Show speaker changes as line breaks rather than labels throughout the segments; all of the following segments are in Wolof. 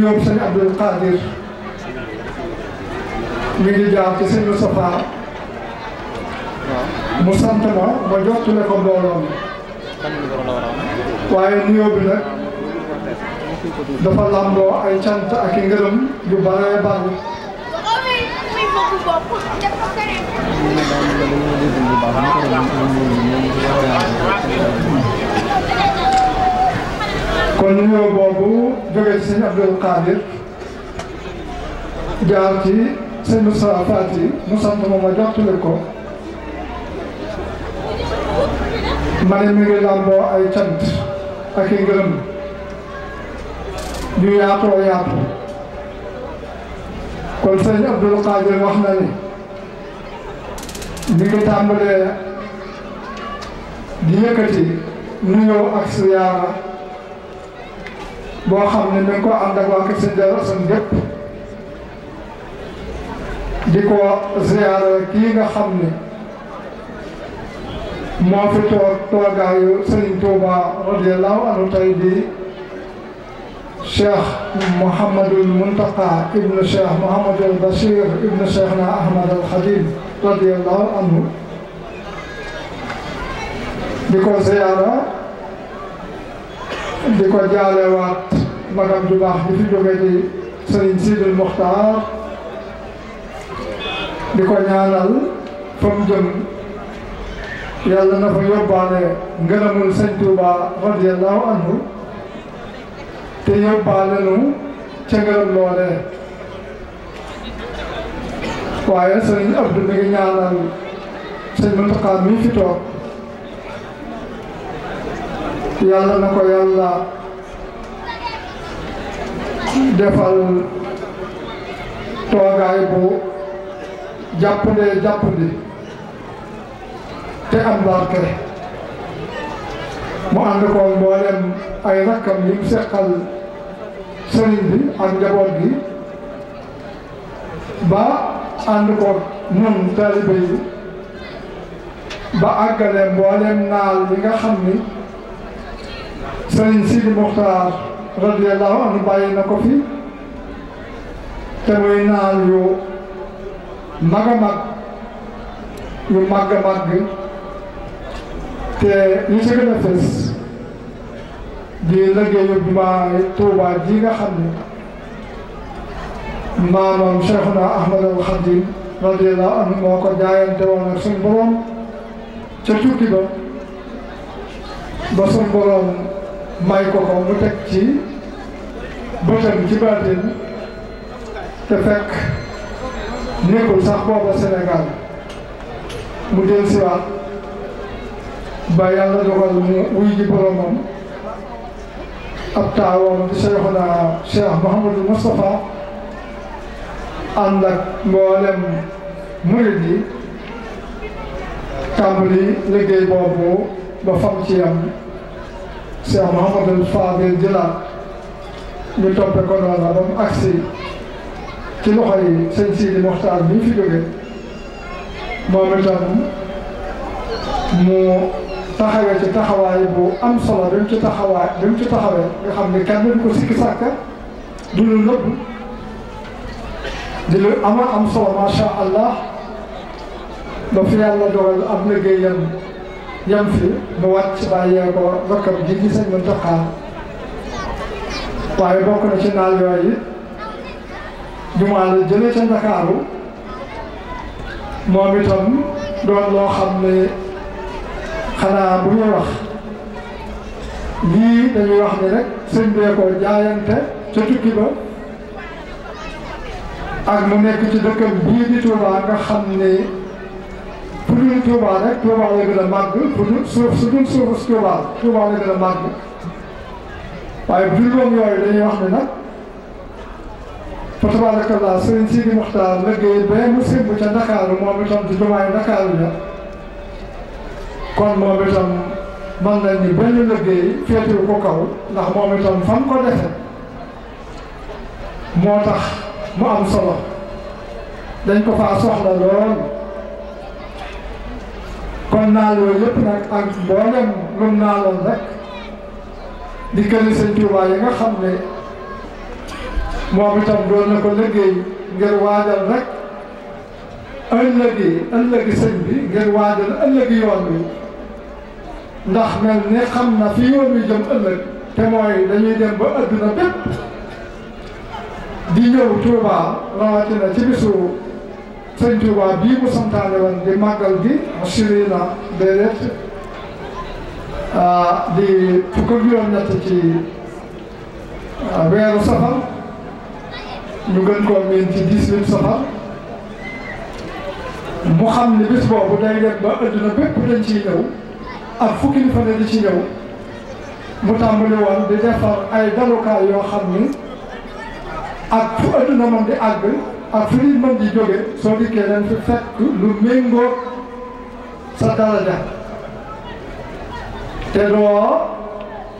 nuyoo sëñ Abdul Qadir mi ngi jaar ci sëñ Moustapha mu sant ma ma jottule ko mbooloon waaye nuyoo bi nag dafa làmboo ay cant ak i ngërëm yu bare bare kon nuyoo boobu jógee ci sëñ Abdul Qadir jaar ci sëñ Moussa Fati mu sant moom a jottali ko ma ne mi ngi làmboo ay cant ak i ngërëm yu yaatoo yaatu kon sëñ Abdul Qadir wax na ni mi ngi tàmbalee di yëkkati nuyoo ak siyaara boo xam ne mi ngi ak waa kër sëñ Diallo seen gépp di ko xam ne moo fi toog toogaayu Sëriñ Tuuba radiyallahu anhu tey di Cheikh Mouhamadul Muntaqa ibnu Cheikh Mouhamadul Bachir ibnu Cheikh na Ahmad al Khadim radiyallahu anhu di ko ziyaara magam ju baax bi fi jóge di Sëriñ Sidil Muxtaar di ko ñaanal fa mu jëm yàlla na fa yóbbaale ngërëmul Sëñ Tuuba radiyallahu anhu te yóbbaale nu ca ngërëm loole waaye Sëriñ Abdu mi ngi ñaanal Sëñ Muntaxa mi fi toog yàlla na ko yàlla defal toogaay bu jàppandee jàppandi te am barke mu ànd koon mboolem ay rakkam yi mu seqal sëriñ bi ak njaboot gi ba ànd ko nun taalibe yi ba àggale mboolem naal yi nga xam ni sëriñ Sidi Muxtaar radiyallahu anhu bàyyi na ko fi te muy naal yu mag yu mag a te li ci gën a fës di liggéeyu jumaa Tuubaa ji nga xam ne maamam Cheikhuna Ahmad al Khadim radiyallahu anhu moo ko jaayante woon ak suñu borom ca tukki ba ba suñu borom may ko ko mu teg ci bëtam ci baatin te fekk nekkul sax booba Sénégal mu del siwaat ba yàlla dogal mu wuy ji ab taawam di Cheikhuna Cheikh Mouhamadou Moustapha ànd ak mboolem murid yi tàmbali liggéey boobu ba fam ci yam si Mouhamadul Fadil jëlaat ñu toppe ko noonu ba mu agsi ci loxo yi sëñ bi fi jóge moom itam mu taxawee ci taxawaay bu am solo bi ci taxawaay bi mu ci taxawee nga xam ne kenn du ko sikki sàkka du lu nëbb di lu ama am solo macha allah ba fi yàlla dogal ab liggéeyam yem fi mu wàcc bàyyee ko rakkam ji gi sëñ waaye bokk na ci naal yooyu jumaa jële ca Ndakaaru moom itam doon loo xam ne xanaa bu ñuy wax lii dañuy wax ni rek sëñ bee ko jaayante ca tukki ba ak mu nekk ci dëkkam bii di Tuubaa nga xam ne pour ñu Touba rek Touba la gën a màgg pour ñu suuf su ñu suuf si Touba Touba la gën a màgg waaye juróom yooyu dañuy wax ne nag fa tabaarakallaa Sëriñ Sidi Muxtaar liggéey bee mu simb ca Ndakaaru moom itam ci jumaayu Ndakaaru ja kon moom itam man nañ ni benn liggéey féetewu ko kaw ndax moom itam fam ko defe moo tax mu am solo dañ ko faa soxla lool kon naal yooyu yëpp nag ak mboolem lum naaloon rek di këri Tuubaa yi nga xam ne moom itam doon na ko liggéey ngir waajal rek ëllëgi ëllëgi sëñ bi ngir waajal ëllëgi yoon bi ndax mel ni xam na fi yoon wi jëm ëllëg te mooy dañuy dem ba adduna bépp di ñëw Tuubaa rawatina ci bisu sëñ Tuubaa bii mu santaane woon di màggal gi assuré na ah, di fukk ak juróom ci ah, weeru safar ñu gën koo ci dix safar mu xam ne bis boobu day dem adduna bépp dañ ciy ñëw ak fukki ni fa di ci ñëw mu tàmbali woon di defar ay dalukaay yoo xam ni ak fu adduna man di àgg ak fi nit mën soo dikkee dañ fi fekk lu méngoo sa daraja te doo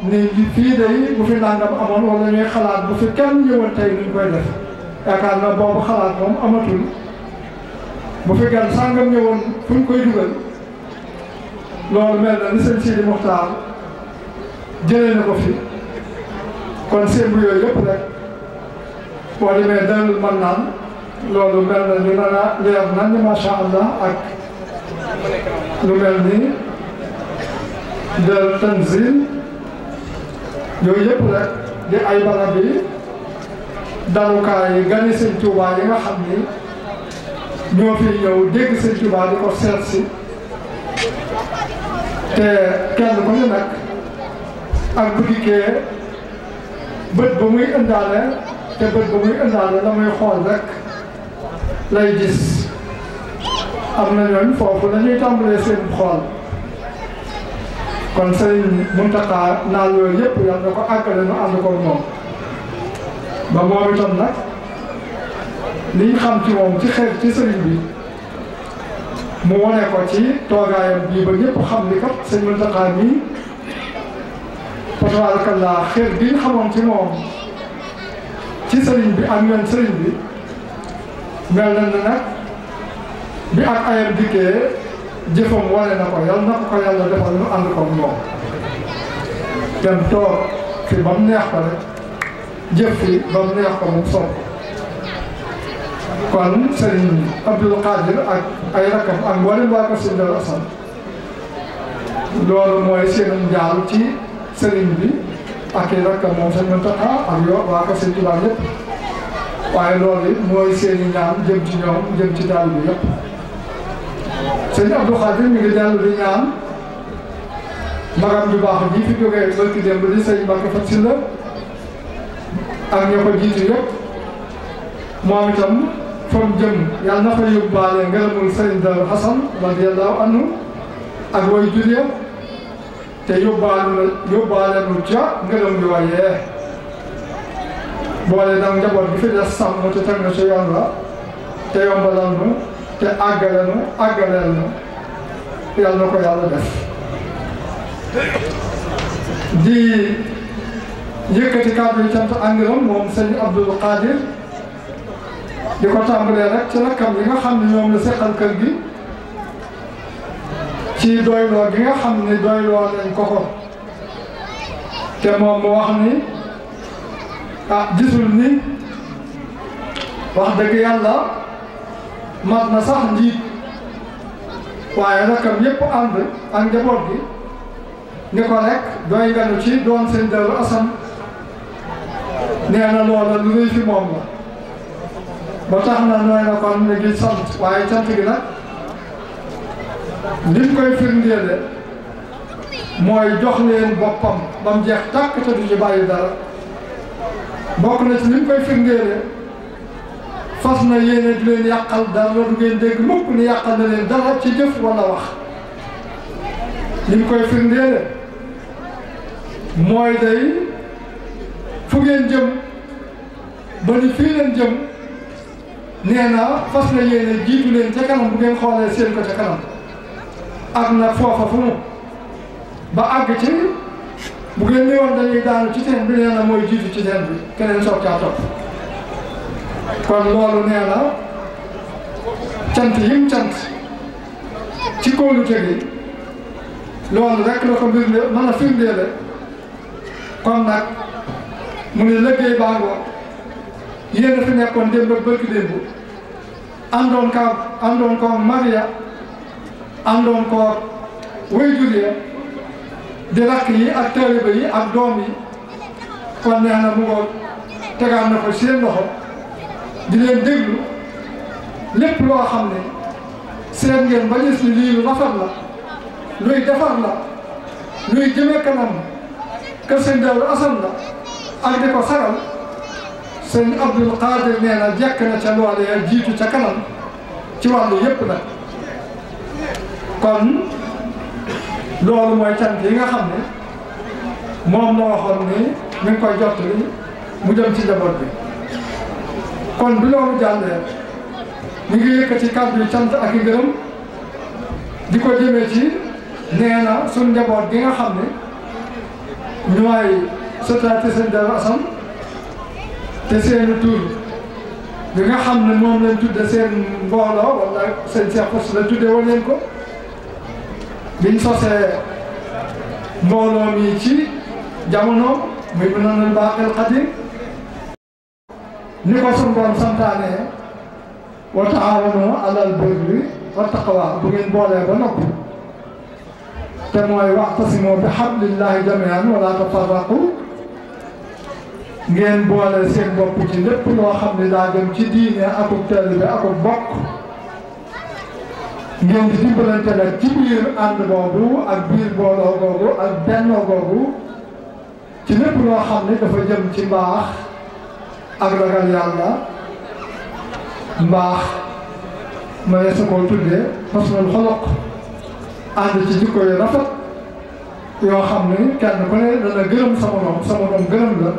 ni li fii day bu fi nangam amoon wala ñuy xalaat bu fi kenn ñëwoon tey nuñ koy def yaakaar na boobu xalaat moom amatul bu fi gan sàngam ñëwoon fu ñu koy ni seen Sidi Muxtaar jëlee na ko kon seen bu yooyu yëpp rek boo demee dalul mën naan loolu mel na ni nana leer na allah ak lu mel ni del tanzil yooyu yëpp rek di ay barab yi dalukaay gani sëñ Tuubaa yi nga xam ni ñoo fi ñëw dégg sëñ Tuubaa di ko seet si te ku ne nag ak bu dikkee bët muy ëndaale la muy xool rek lay gis am na ñooñu foofu la ñuy tàmbalee seen xool kon sëriñ Muntaxa naal yooyu yëpp yàlla ko àggale nu ànd ko moom ba moom itam nag liñ xam ci moom ci xeet ci sëriñ bi mu wane ko ci toogaayam bii ba ñëpp xam ni kat sëriñ Muntaxa nii tabaaraka laa xeet bi ñu xamoon ci moom ci sëriñ bi ak ñoom sëriñ bi mel na ne nag bi ak ayam dikkee jëfam wane na ko yal na ko ko yàlla defal lu ànd ko moom dem toog fi ba mu neex ko rek jëf fi ba mu neex ko mu soog kon sëriñ Abdul Qadir ak ay rakam ak mboolem waa kër sëriñ Darou Assane loolu mooy seenum jaaru ci sëriñ bi ak i rakam moom sëriñ Mountakha ak yoo waa kër sëriñ Tuubaa yëpp waaye loolu mooy seeni ñaan jëm ci ñoom jëm ci taal bi yëpp sëñ Abdou Khadir mi ngi dellu di ñaan magam ju baax ji fi jógee barki démb di sëñ Mbacke Fat Sylla ak ñoo jiitu yëpp moom itam fa jëm yàlla na fa yóbbaale ngërëmul sëñ Darou Hassan radiyallahu anhu ak way julee te yóbbaale yóbbaale nu ca ngërëm bi waaye boole nag njaboot bi fi des sàmm te teg na ci yoon la te yombalal nu te àggale nu àggaleel nu yàlla na ko yàlla def di yëkkati kàddu yi cant ak moom sëñ Abdul Qadir di ko tàmbalee rek ci rakkam yi nga xam ne ñoom la seqal kër gi ci doyloo gi nga xam ni doyloo lañ ko ko te moom mu wax ni ah gisul ni wax dëgg yàlla mat na sax njiit waaye rakam yépp ànd ak njaboot gi ni ko rek doy nga nu ci doon seen Daaru nee na loola lu rëy fi moom la ba tax na nooy na kon mi ngi sant waaye cant gi nag lim koy firndeele mooy jox boppam ba jeex tàkk te du ci dara bokk na ci li mu koy firndeele fas na yéene du leen yàqal dara du ngeen dégg mukk ni yàqal na leen dara ci jëf wala wax li koy firndeele mooy day fu ngeen jëm ba ni fii leen jëm nee na fas na yéene jiitu leen ca kanam bu ngeen xoolee seen ko ca kanam ak na foofa fu mu ba àgg ci bu ngeen néewoon dañuy daanu ci teen bi nee na mooy ci teen bi keneen soog caa topp kon loolu nee cant yim cant ci kóolute gi loolu rek la ko mbirnde mën a firndeele kon nag mu ne liggéey baagoo yéen a fi nekkoon démb ak bëgg démb àndoon kaa àndoon koo Maria àndoon koo wéyjur ya di rakk yi ak taaliba yi ak doom yi neex na mu ngoon tegaat na ko seen loxo di leen déglu lépp loo xam ne seen ngeen ba gis ni lii la luy defar la luy jëme kanam kër sëñ la ak di ko sagal sëñ Abdul Qaadir nee na jekk na ca loolee jiitu ca kanam ci wàllu yépp nag kon loolu mooy cant yi nga xam ne moom la waxoon ni mi ngi koy jot li mu jëm ci njaboot bi kon bi loolu jàllee ñu ngi ci kàddu yu cant ak i ngërëm di ko jëmee ci nee na suñ njaboot gi nga xam ni ne ñooy sotaati seen Darou Assane te seen tur bi nga xam ne moom lañ tudde seen mbooloo wala seen sequs la tudde woon leen ko biñ sosee mbooloo mi ci jamono muy bu noonu baaxil xadim ni ko suñu borom wa taawanu alal birri wa taqwa bu ngeen boolee ba noppi te mooy waxtasimu bi hablillahi jamian wala tafarraqu ngeen boole seen bopp ci lépp loo xam ne daa ci diine akub teel bi akub ngeen di dimbalante nag ci biir ànd boobu ak biir booloo googu ak bennoo googu ci lépp loo xam ne dafa jëm ci mbaax ak ragal yàlla mbaax ma yeesu koo tuddee xosnal xoloq ànd ci jikko yu rafet yoo xam ni kan ku ne dana gërëm sa moroom sa moroom gërëm la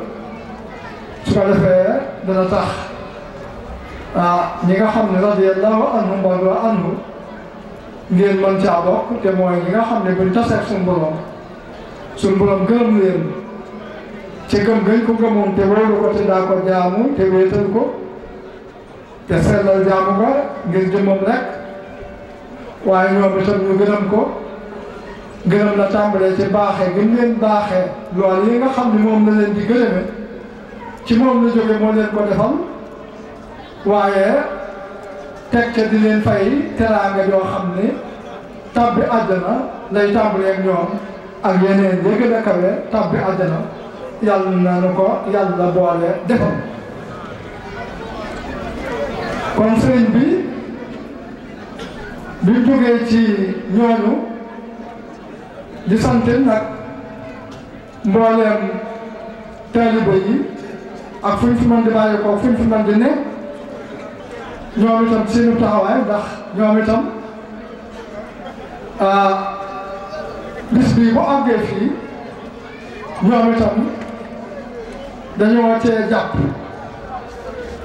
su ko defee dana tax ah ñi nga xam ne radiyallahu anhum wa anhu ngeen mën caa bokk te mooy li nga xam ne buñ taseeg suñu borom suñu borom gërëm leen ci gëm gëñ ko gëmoon te wóolu ko te daa ko jaamu te wéetal ko te sellal jaamu nga ngir jëmmam rek waaye ñoom itam ñu gërëm ko gërëm na tàmbalee ci baaxee gën leen baaxee loolu yi nga xam ne moom la leen di gërëme ci moom la jóge moo leen ko defal waaye tekk di leen fay teraanga yoo xam ne tàbbi àjjana lay tàmbalee ñoom ak yeneen ya gën kawe tàbbi àjjana yàlla na nu ko yàlla boole defal kon sëriñ bi bi jógee ci ñooñu di sant nag mbooleem taaliba yi ak fu ñu fi mën di bàyyi ko fu ñu fi mën di ne ñoom itam seenu taxawaay ndax ñoom itam ah, bis bii bu àggee fii ñoom itam dañoo cee jàpp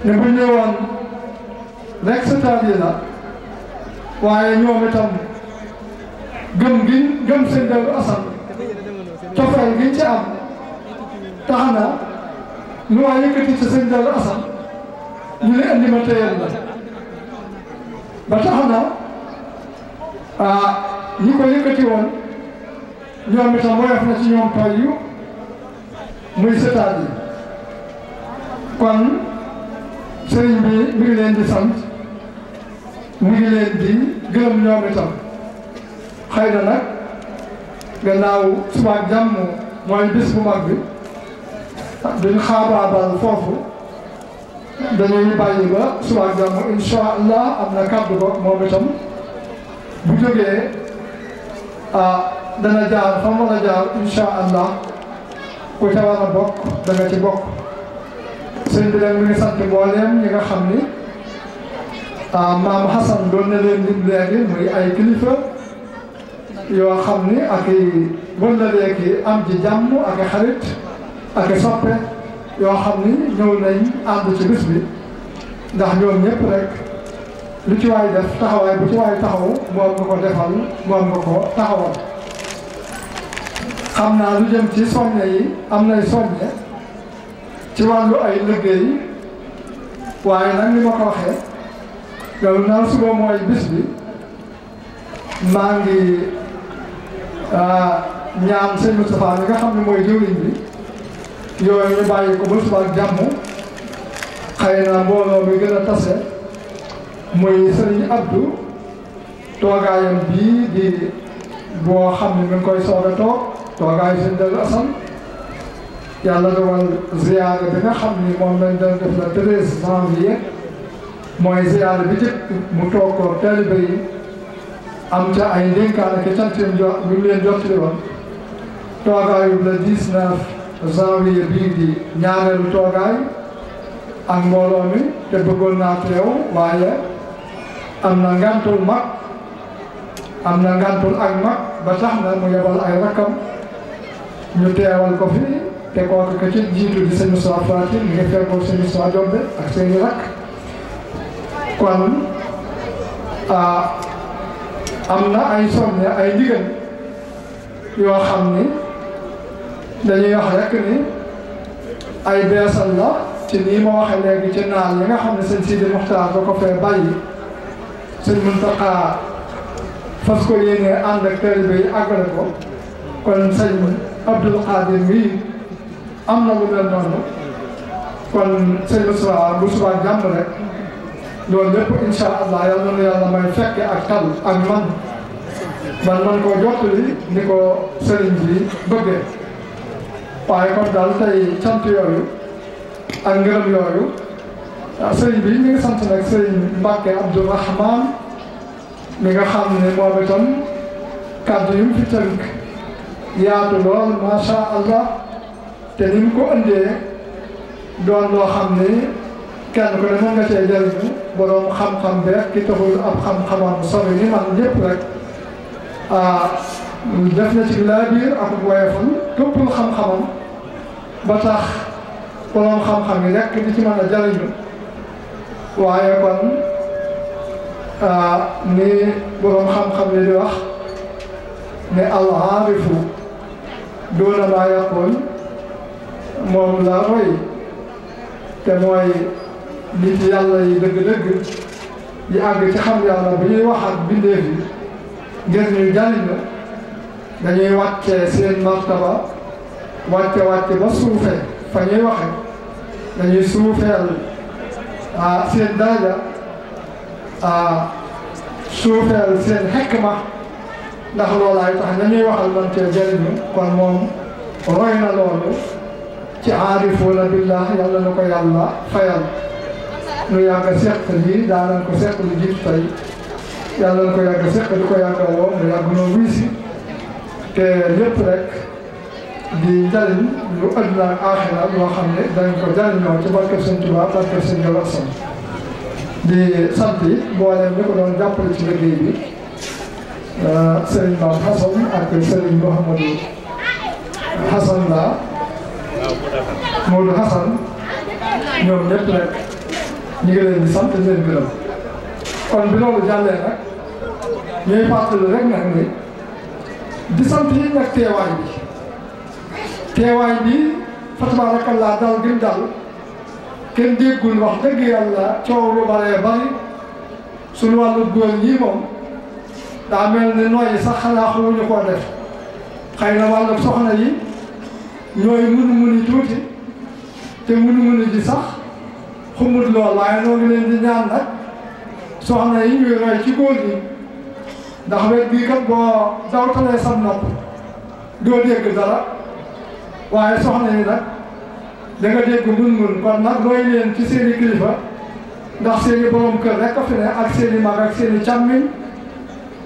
ne bu ñëwoon rek setaat yi la waaye ñoom itam gëm gi gëm seen dellu asan cofeel ci am tax na lu waa yëkkati ci seen dellu asan ñu ne andi ba tax na ah ñi ko yëkkati woon ñoom itam woyof na ci ñoom pay muy sëtaat yi kon sëriñ bi mi ngi leen di sant mu ngi leen di gërëm ñoom itam xëy na nag gannaaw suba jàmm mooy bis bu mag bi duñ xaabaabal foofu dañuy bàyyi ba suba ak jàmm incha allah am na kàddu boog moom itam bu jógee ah, dana jaar fa mu mën jaar incha allah ca war bokk da nga ci bokk. sëñ bi nag mi ngi sant mbooleem ñi nga xam ni ah maam Hassan doon na leen lim léegi muy ay kilifa yoo xam ni ak i wëndaleeg yi am ci jàmm ak i xarit ak soppe. yoo xam ni ñëw nañ ànd ci bis bi ndax ñoom ñëpp rek lu ci waay def taxawaay bu ci waay taxaw moom nga ko defal moom nga ko taxawal xam naa lu jëm ci soññe yi am nay soññe ci wàllu ay liggéey waaye nag ni ma ko waxee loolu naan suba mooy bis bi maa ngi ah, ñaan sëñ Moustapha mi nga xam ne mooy jëwriñ bi yooyu ñu bàyyi ko ba suba jàmm xëy na mbooloo mi gën a tase muy sëriñ Abdou toogaayam bii di boo xam ne mi ngi koy soog toog toogaayu sëñ Delu Assane yàlla dogal ziyaara bi nga xam ni moom lañ doon def la treize janvier mooy ziyaara bi jëkk mu toog ko taalibe yi am ca ay ndénkaan ak cant yu ñu leen jottali woon toogaayu la dix-neuf zaawiya bii di ñaareelu toogaay ak mbooloo te bëggoon naa teew waaye am na ngantul mag am na ngantul ak mag ba tax na mu yebal ay rakkam ñu teewal ko fi te kooku ko jiitu di sëñ Moussa Fati mi ngi fekkoon sëñ Moussa Jombe ak seen rakk kon am na ay soññe ay ndigal yoo xam ni dañuy wax rek ni ay beesal la ci nii ma waxee léegi ci naal yi nga xam ne sëñ Sidi Muxtaar ba ko fee bàyyi sëñ Muntaxa fas ko ak taalibe kon sëñ Abdul Xaadir mii am na lu mel noonu kon sëñ Moussa bu subaa jàmm rek loolu lépp insha allah may fekke ak tal ak man man man koo jottali ni ko sëriñ bi bëggee waaye kon daal tey cant yooyu ak ngërëm yooyu sëriñ bi mi ngi sant nag sëriñ Mbacke Abdou Rahman mi nga xam ne moom itam kàddu yu mu fi tënk yaatu lool macha allah te ni mu ko ëndee doon loo xam ni kenn ku ne mën nga cee jëriñu borom xam-xam bi ki taxul ab xam-xamam sori ni man lépp rek. def na ci laa biir ak woyofam képpul xam-xamam ba tax borom xam-xam yi rek di ci mën a jariñu waaye kon ni borom xam-xam yi di wax ne al-aarifu doona maa moom la roy te mooy nit yàlla yi dëgg-dëgg yi àgg ci xam yàlla bu ñuy wax ak bindéef yi ngir ñu jariñu dañuy wàccee seen martaba wàcce wàcce ba suufee fa ñuy waxe dañuy suufeel ah seen daraja ah suufeel seen xekma ndax loolaay tax nañuy waxal man cee jëriñu kon moom roy na loolu ci aarifuuna billah yàlla na ko yàlla fayal nu yàgg seq lii daanan ko seq lu jiit tey yàlla na ko yàgg seq di ko yàgg woo mu yàgg noo wii si te lépp rek di jariñ lu àdduna ak aaxira loo xam ne dañ ko jariñoo ci barkeb Sëñ Tuubaa barkeb Sëñ Gallas Sam di sant yi mboolem ñi ko doon jàppale ci liggéey bi euh, Serigne Mame Hassan ak Serigne Mouhamadou Hassan la Modou Hassan ñoom ñëpp rek ñu ngi leen di sant leen gërëm kon bi loolu jàllee nag ñuy fàttali rek nag ni di sant yi nag teewaay bi teewaay bi fa tabaarakallaa dal gën dal kenn déggul wax dëgg yàlla coow lu baree bari suñu wàllu góor ñi moom daa mel ni nooyi sax xanaa xamuñu koo def xëy na wàllu soxna yi ñooy munu muni tuuti te munu muni ji sax xumut lool waaye noo ngi leen di ñaan nag soxna yi ñuy roy ci góor ñi ndax wet bii kat boo dawtalee sam nopp doo dégg dara waaye soxna yi nag da nga dégg mun-mun kon nag roy leen ci seen i kilifa ndax seen borom kër rek fi ne ak seeni i mag ak seen i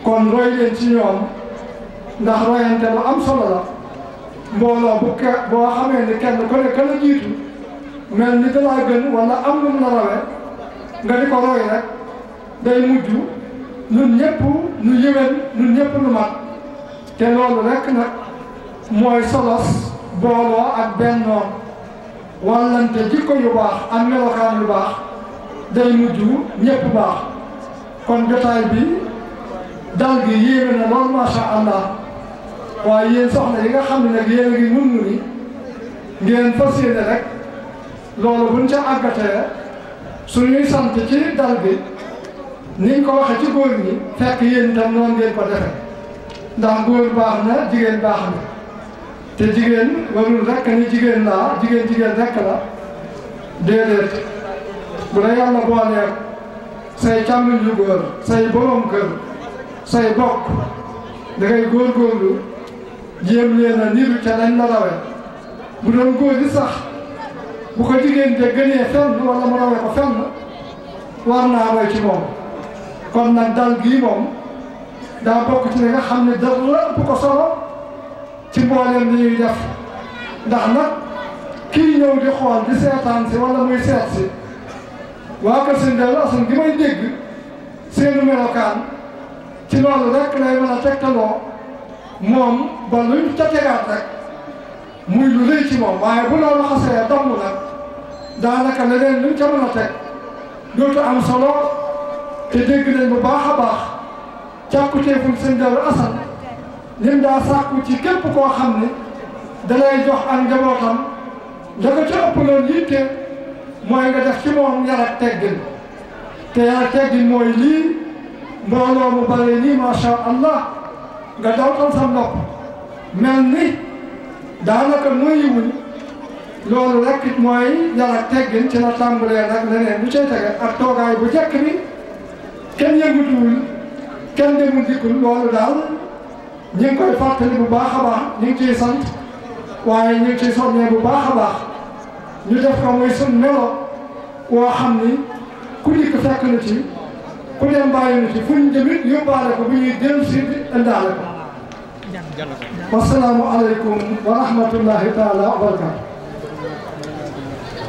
kon roy ci ñoom ndax royante lu am solo la mbooloo bu boo xamee ni kenn ku ne ka la jiitu mel ni dalaa gën wala am lu mu la nga di ko roy rek day mujj ñun ñëpp nu yëwén ñun ñëpp nu mat te loolu rekk nag mooy solos booloo ak bennoo wàllante jikko yu baax ak melokaan yu baax day mujj ñëpp baax kon jotaay bi dal gi yéeme na lool macha allah waaye yéen soxna yi nga xam ne nag yéen a ngi mun ni ngeen fas yéene loolu buñ ca àggatee suñuy sant ci dal bi niñ ko waxee ci góor ñi fekk yéen itam noonu ngeen ko defe ndax góor baax na jigéen baax na te jigéen warul rekk ni jigéen laa jigéen jigéen rekk la déedéet bu la yàlla booleeg say càmmiñ yu góor say borom kër say bokk da ngay góorgóorlu jéem leen a niru ca dañ la rawe bu doon góor gi sax bu ko jigéen de gënee fenn wala mu rawe ko fenn war naa roy ci moom kon nag dal gii moom daa bokk ci li nga xam ne dara ëpp ko solo ci mbooleem li ñuy def ndax nag kii ñëw di xool di seetaan si muy seet waa kër sëñ Darou Assane gi may dégg seenu melokaan ci loolu rek lay mën a moom ba luñ ca tegaat muy lu rëy ci moom waaye bu loolu xasee damm nag daanaka leneen luñ ca mën a teg dootu am solo. te dégg nañ bu baax a baax càkkutéefum sëñ Darou Assane lim sàkku ci képp koo xam ne dalay jox am njabootam la ko ca ëpp loon yitte mooy nga def ci moom yar ak teggin te yar teggin mooy lii mbooloo mu bare nii macha allah nga dawtal sa nopp mel ni daanaka nuyuwuñ loolu rek mooy yar ak teggin ci la tàmbalee nag leneen lu cay ak toogaay bu jekk bi kenn yëngatuwul kenn demul dikkul loolu daal ñu ngi koy fàttali bu baax a baax ñu ngi ciy sant waaye ñu ngi ciy soññee bu baax a baax ñu def ko muy sun melo xam ni ku dikk fekk na ci ku dem bàyyi ci fu ñu jëmit yóbbaale ko bu ñuy dellu si indaale ko wasalaamu aleykum wa rahmatullahi taala wa barakatu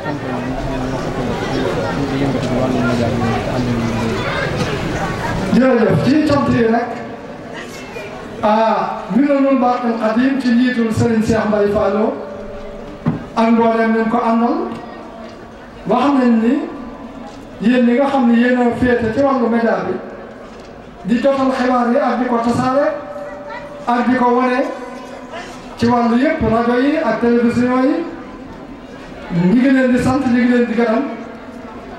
am na jërëjëf ci cant yi nag ah Minanul Baaxil Xadiim ci njiitul Serigne Cheikh Mbaye Fallo ko àndal wax nañ ni yéen ñi nga xam ne yéen a féete ci wàllu média di jotal xibaar yi ak di ko tasaare ak di ko wane ci wàllu yëpp rajo yi ak télévision yi ñu di sant ñu ngi leen di gërëm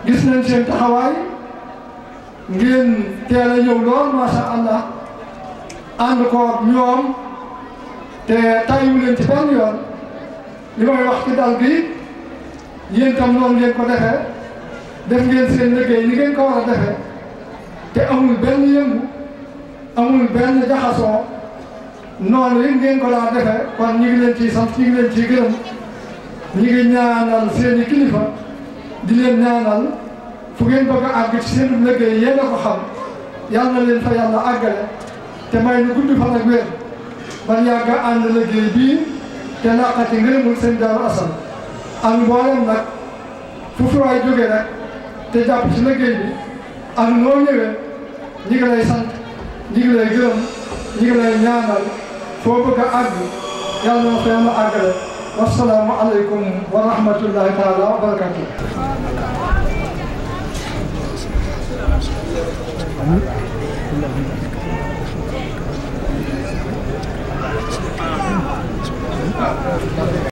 gis nañ seen taxawaay. ngeen teel a lool macha allah ànd ko ñoom te tàyyiwu leen ci benn yoon li may wax ci dal yéen tam noonu ngeen ko defee def ngeen seen liggéey ni ngeen ko war a defee te amul benn yëngu amul benn jaxasoo noonu li ngeen ko daan defee kon ñu ngi leen ciy sant ñu ngi leen ciy gërëm ñu ngi ñaanal seen i kilifa di leen ñaanal. fu ngeen bëgg a àgg ci seen liggéey yéen a xam yal leen fa yàlla àggale te may nu gudd fan ak wér ban yàgg a ànd liggéey bii te naqati ngërëmul seen Daaru Asan ak mboolem nag fu fi waay jógee nag te jàpp ci liggéey bi ak noo ñëwee ñi sant ñi ngi lay gërëm foo bëgg a àgg yàlla na fa yàlla àggale wasalaamu aleykum wa wa barakatu amiin